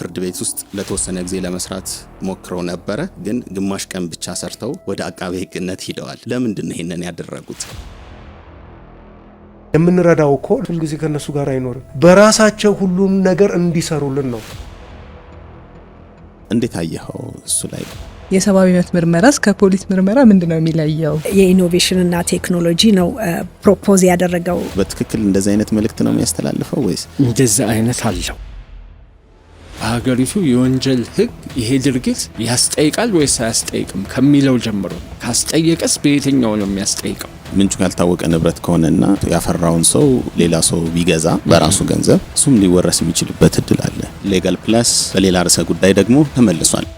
ፍርድ ቤት ውስጥ ለተወሰነ ጊዜ ለመስራት ሞክረው ነበረ፣ ግን ግማሽ ቀን ብቻ ሰርተው ወደ አቃቤ ሕግነት ሂደዋል። ለምንድን ነው ይሄንን ያደረጉት? የምንረዳው እኮ ሁልጊዜ ከእነሱ ጋር አይኖርም። በራሳቸው ሁሉም ነገር እንዲሰሩልን ነው። እንዴት አየኸው እሱ ላይ የሰብአዊ መብት ምርመራስ ከፖሊስ ምርመራ ምንድን ነው የሚለየው? እና ቴክኖሎጂ ነው ፕሮፖዝ ያደረገው። በትክክል እንደዚህ አይነት መልእክት ነው የሚያስተላልፈው ወይስ እንደዚህ አይነት አለው? በሀገሪቱ የወንጀል ህግ ይሄ ድርጊት ያስጠይቃል ወይስ አያስጠይቅም ከሚለው ጀምሮ ካስጠየቀስ በየትኛው ነው የሚያስጠይቀው? ምንጩ ያልታወቀ ንብረት ከሆነና ያፈራውን ሰው ሌላ ሰው ቢገዛ በራሱ ገንዘብ እሱም ሊወረስ የሚችልበት እድል አለ። ሌጋል ፕላስ በሌላ ርዕሰ ጉዳይ ደግሞ ተመልሷል።